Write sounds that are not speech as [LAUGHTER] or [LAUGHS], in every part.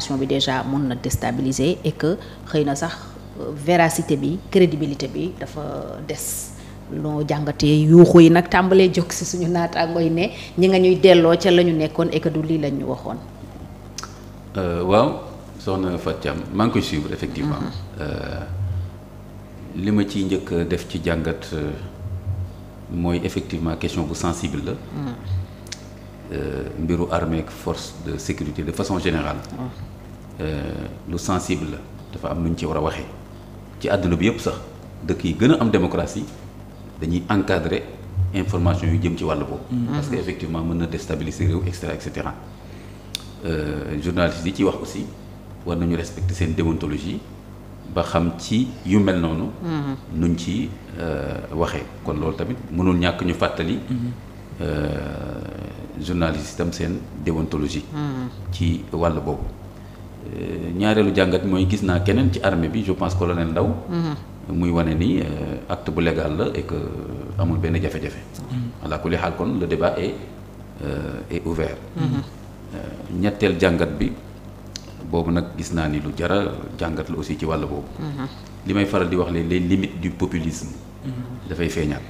information bi déjà mën na déstabiliser et que xëy na sax euh, véracité bi crédibilité bi dafa des. loo jàngatee yuuxu yi nag tàmbalee jóg si suñu naataangoo yi ne ñi nga ñuy delloo ca la ñu nekkoon et du lii lañu waxoon. Euh, waaw soxna Fatou Thiam maa koy suivre effectivement. Mm-hmm. Euh, li ma ciy njëkk def ci jàngat mooy effectivement question bu sensible la. Mm. mbiru armée ak force de sécurité de façon générale. Mm. Euh, lu sensible la dafa am nu ci war a waxee ci àdduna bi yëpp sax dëkk yi gën a am démocratie dañuy encadrer information yu jëm ci wàll boobu. Mm-hmm. parce que effectivement mën na déstabiliser réew et cetera et cetera euh, journalistes yi ci wax aussi war nañu respecter seen déontologie ba xam ci yu mel noonu. Mm-hmm. nuñ ci euh, waxee kon loolu tamit mënul ñàkk ñu fàttali. Mm-hmm. journalistes itam seen déontologie. ci wàll boobu. Euh, ñaareelu jàngat mooy gis naa keneen ci armée bi je pense colonel Ndaw mhm. muy wone ni euh, acte bu légal la et amul benn jafe-jafe. ko mhm. kulli xaal kon le débat est euh, ouvert. Mhm. ñetteel jàngat bi boobu nag gis naa ni lu jara jàngat lu aussi ci wàll boobu. li may faral di wax les les limites du populisme. dafay feeñaat.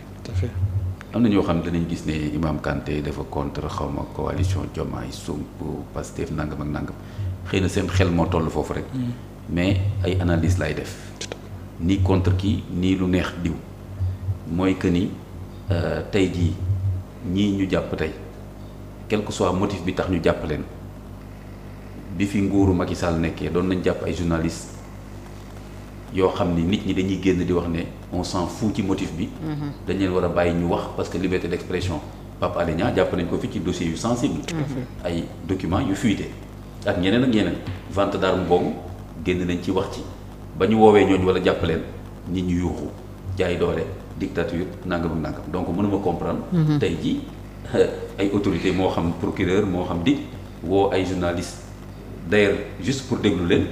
am na ñoo xam danañ gis ne Imam Kanté dafa contre xaw ma coalition Diomaye Sonko Pastef nangam ak nangam. xëy na seen xel moo toll foofu rek mm. mais ay analyse lay def ni contre kii nii lu neex diw mooy que ni euh, tey jii ñii ñu jàpp tey quel que soit motif bi tax ñu jàpp leen bi fi nguuru Macky Sall nekkee doon nañ jàpp ay journalistes yoo xam ni nit ñi dañuy génn di wax ne on s'en fout ci motif bi mm-hmm. dañ leen war a bàyyi ñu wax parce que liberté d'expression Pape Alé jàpp nañ ko fi ci dossier yu sensible mm-hmm. ay documents yu fuité ak ñeneen ak ñeneen vente d'arme boobu génn nañ ci wax ci ba ñu woowee ñooñ wala jàpp leen nit ñu yuuxu jaay doole dictature nangam ak donc mënuma comprendre. Mhm. tey ji [LAUGHS] ay autorité moo xam procureur moo xam di woo ay journaliste d'ailleurs juste pour déglu leen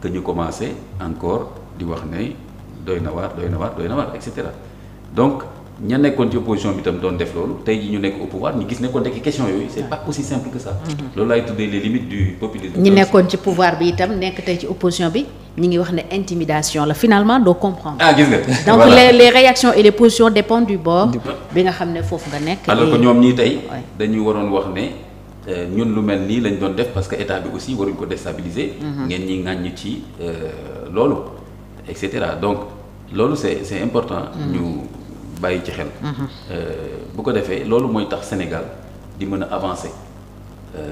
que ñu commencé encore di wax ne doy na waar doy na waar doy na waar donc. ña nekkoon ci opposition bi tam doon def loolu tey ñu nekk au pouvoir ñu gis ne ko ndekk question yooyu c'est pas aussi simple que ça. Mm-hmm. loolu laay tuddee les limites du populisme. ñi nekkoon ci pouvoir bi itam nekk tey ci opposition bi ñi ngi wax ne intimidation la finalement doo comprendre. ah gis nga [LAUGHS] donc les les et les positions dépendent du bord. bi nga xam ne foofu nga nekk. alors que ñoom ñii tey dañuy waroon wax ne. Euh, ñun lu mel nii lañ doon def parce que état bi aussi waruñ ko déstabiliser. Mm-hmm. ngeen ñi ŋàññ ci euh, loolu et cetera donc loolu c'est important. Mm-hmm. bàyyi ci xel. Mhm. Euh, bu ko defee loolu mooy tax Sénégal di mën a avancer euh,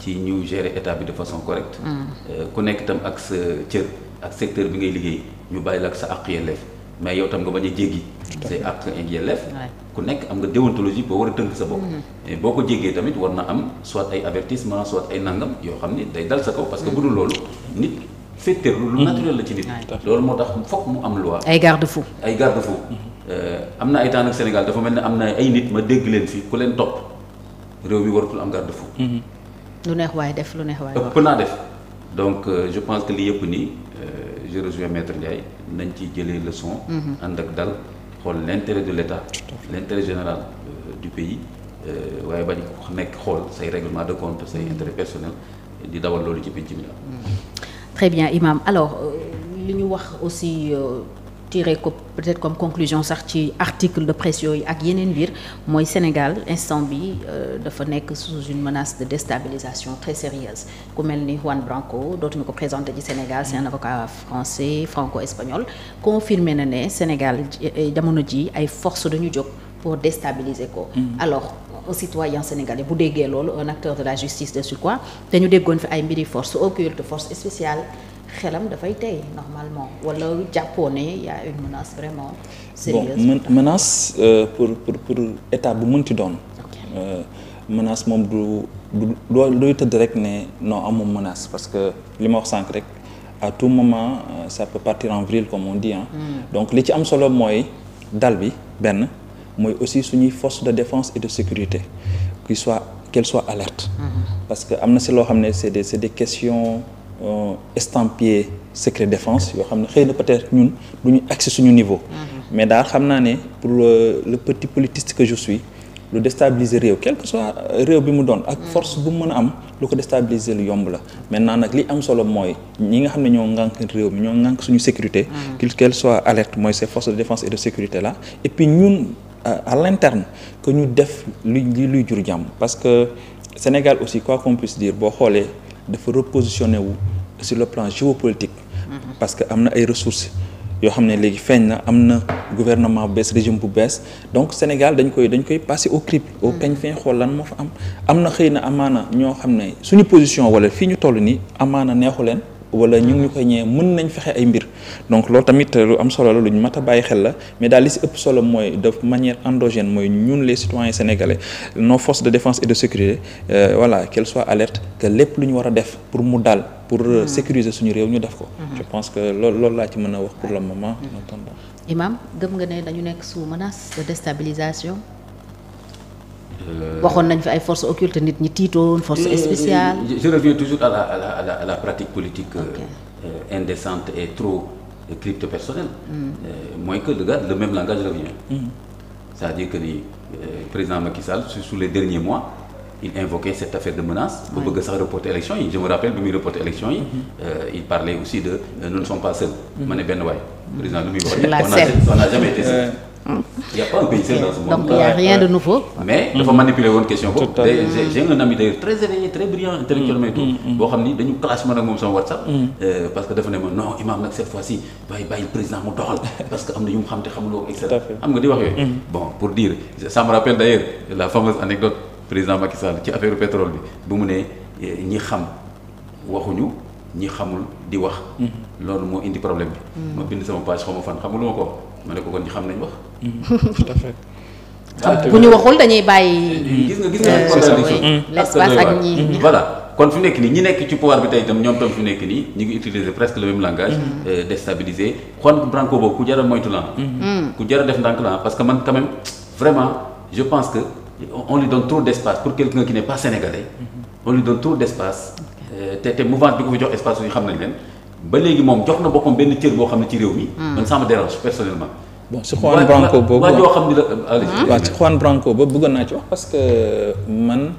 ci ñu gérer état bi de façon correcte. Mhm. Euh, ku nekk tam ak sa cër ak secteur bi ngay liggéey ñu bàyyi la ak sa àq yelleef mais yow tam nga bañ a jéggi. say àq ak yelleef. ku nekk am nga déontologie boo war a tënk sa bopp. Mhm. boo ko jéggee tamit war na am soit ay avertissement soit ay nangam yoo xam ne day dal sa kaw. parce que bu dul loolu nit. féeteerlu lu naturel la ci nit. loolu moo tax foog mu am loi. ay garde-fou ay garde Euh, am na ay temps nag Sénégal dafa mel ne am na ay nit ma dégg leen fi ku leen topp réew mi waratul am garde-fou. Mhm. lu neex waay def lu neex euh, li yëpp nii euh, je rejoins maître Ndiaye nañ ciy jëlee leçon. Mhm. ànd ak dal xool l'intérêt de l'État. l'intérêt général du pays waaye bañ nekk xool say règlement de compte say mhm. intérêt personnel di dawal loolu ci pénc très bien imam alors li ñu wax aussi. tiré ko peut-être comme conclusion sax ci article de presse yooyu ak yeneen biir mooy Sénégal instant bi euh, dafa nekk sous une menace de déstabilisation très sérieuse ku mel ni Juan Branco dootuñu ko présenter ci Sénégal c'est un avocat français franco-espagnol confirmé na ne Sénégal euh, jamono ji ay forces dañu jóg pour déstabiliser ko mm. alors un citoyen sénégalais bu déggee loolu un acteur de la justice de surcroît te ñu déggoon fi ay mbiri force occulte force spéciale xelam dafay tey normalement wala jàppoo ne y a une menace vraiment euh, pour pour pour état bu mënti doon euh, menace moom du du looy tëdd rek ne noo amul menace parce que li ma wax sànq rek à tout moment euh, ça peut partir en vrille comme on dit hein. Mm. donc li ci am solo mooy dal bi benn mooy aussi suñuy force de défense et de sécurité qu'il soit qu'elle soit alerte mm-hmm. parce que am na si loo xam ne c'est des c'est des questions Euh, estampillé secret défense yoo xam ne xëy na peut ñun du ñu agsi suñu niveau. Mhm. mais daal xam naa ne pour le petit politiste que je suis lu déstabiliser réew quel que soit euh, réew bi mu doon. ak mhm. force bu mu a am lu ko déstabiliser lu yomb la maintenant nag li am solo mooy ñi nga xam ne ñoo ŋànk réew mi ñoo ŋànk suñu sécurité. Mhm. qu'il qu'elle soit alerte mooy ces forces de défense et de sécurité là et puis ñun à l'interne que ñu def lu luy jur jàmm parce que Sénégal aussi quoi boo xoolee. dafa repositionné wu sur le plan géopolitique mm-hmm. parce que am na ay ressources yoo xam ne léegi feeñ na am na gouvernement bu bees régime bu bees donc Sénégal dañ koy dañ koy passer au crible au kañ mm-hmm. fin xool lan moo fa am am na xëy na amaana ñoo xam ne suñu position wala fii ñu toll nii amaana neexu leen wala ñu ngi ñu koy ñee mën nañ fexe ay mbir donc loolu tamit lu am solo la lu ñu mat a bàyyi xel la mais daal li si ëpp solo mooy de manière endogène mooy ñun les citoyens sénégalais nos forces de défense et de sécurité euh, voilà qu'elles soient alertes lépp lu ñu war a def pour mu daal pour euh, mm-hmm. sécuriser suñu réew ñu def ko mm-hmm. je pense que lool loolu laa ci mën a wax pour le moment mm-hmm. imam gëm nga ne dañu nekk sous menace de déstabilisation Euh, waxoon nañ fi ay forces occultes nit ñi tiitoon force euh, spéciale. je reviens toujours à la à la à la, à la pratique politique. Okay. Euh, euh indécente et trop crypto personnelle. Mm. que le gars le même langage revient. Mm. c'est-à-dire que ni président Macky Sall sous les derniers mois. il invoquait cette affaire de menace. ba bëgg sax reporter élection yi je me rappelle bi muy reporter élection yi. il parlait aussi de nous ne sommes pas seuls. Mm-hmm. ma ne benn président lu muy wax on y' a pas un pays a rien de mais dafa mm-hmm. manipuler woon question boobu. tout à fait j' ai un ami d'ailleurs très intellectuellement et tout. Mm-hmm. Mm-hmm. boo xam ni dañu clash man moom sama WhatsApp. Euh, parce que dafa ne ma non imam nag cette fois ci bàyyi bàyyi président mu doxal [LAUGHS] parce que am na yu mu xam te xamuloo et cetera. am nga di wax yooyu. bon pour dire ça me rappelle la fameuse anecdote président Macky ci affaire pétrole bi bu mu ne eh, ñi xam waxuñu. ñi xamul di wax. loolu moo indi problème bi. Mm. ma bind sama page xaw ma fan ko. ma ne ko kon ñi xam nañ wax. [LAUGHS] tout à fait. Ah, bu ñu waxul dañuy bàyyi. Eh, eh, eh, gis nga gis nga mm. contradiction mm. l'espace ak ñi mm-hmm. voilà kon fi nekk nii ñi nekk ci pouvoir bi tey itam ñoom tam fi nekk nii ñu ngi utiliser presque le même langage. Mm-hmm. Euh, déstabiliser Juan Branco boobu ku jar a moytu la mm-hmm. ku jar a def ndànk la parce que man quand même vraiment je pense que on lui donne trop d'espace pour quelqu'un qui n'est pas sénégalais. on lui donne trop d'espace. Euh, te te mouvance bi ko fi jox espace yu xam nañ leen. ba léegi moom jox na boppam benn cër boo xam ne ci réew mi. Hmm. man ça me dérange personnellement. bon si Juan Branco boobu waa joo xam hmm? naa ci wax parce que man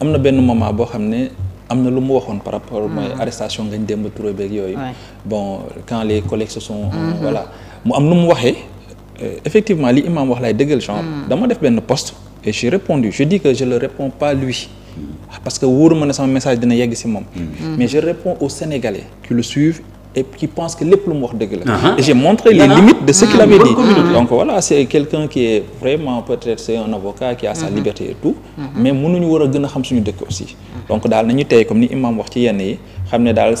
am na benn moment boo xam ne. am na lu mu waxoon par rapport mooy hmm. arrestation Ngagne Demba Touré beeg yooyu bon quand les collègues se sont voilà mu am lu mu waxee euh, effectivement li imam wax lay dëggal genre dama def benn post et j'ai répondu je dis que je le réponds pas lui ah, parce que wóoruma ne sama message dina yegg ci moom mm-hmm. mais je réponds aux Sénégalais qui le suivent et qui pensent que lépp lu mu wax dëgg la uh-huh. et j'ai montré les limites de ce qu'il mm-hmm. avait dit donc voilà c'est quelqu'un qui est vraiment peut-être c'est un avocat qui a sa mm-hmm. liberté et tout mais mënuñu war a gën xam suñu dëkk aussi donc daal nañu tey comme ni imam wax ci yenn yi xam ne daal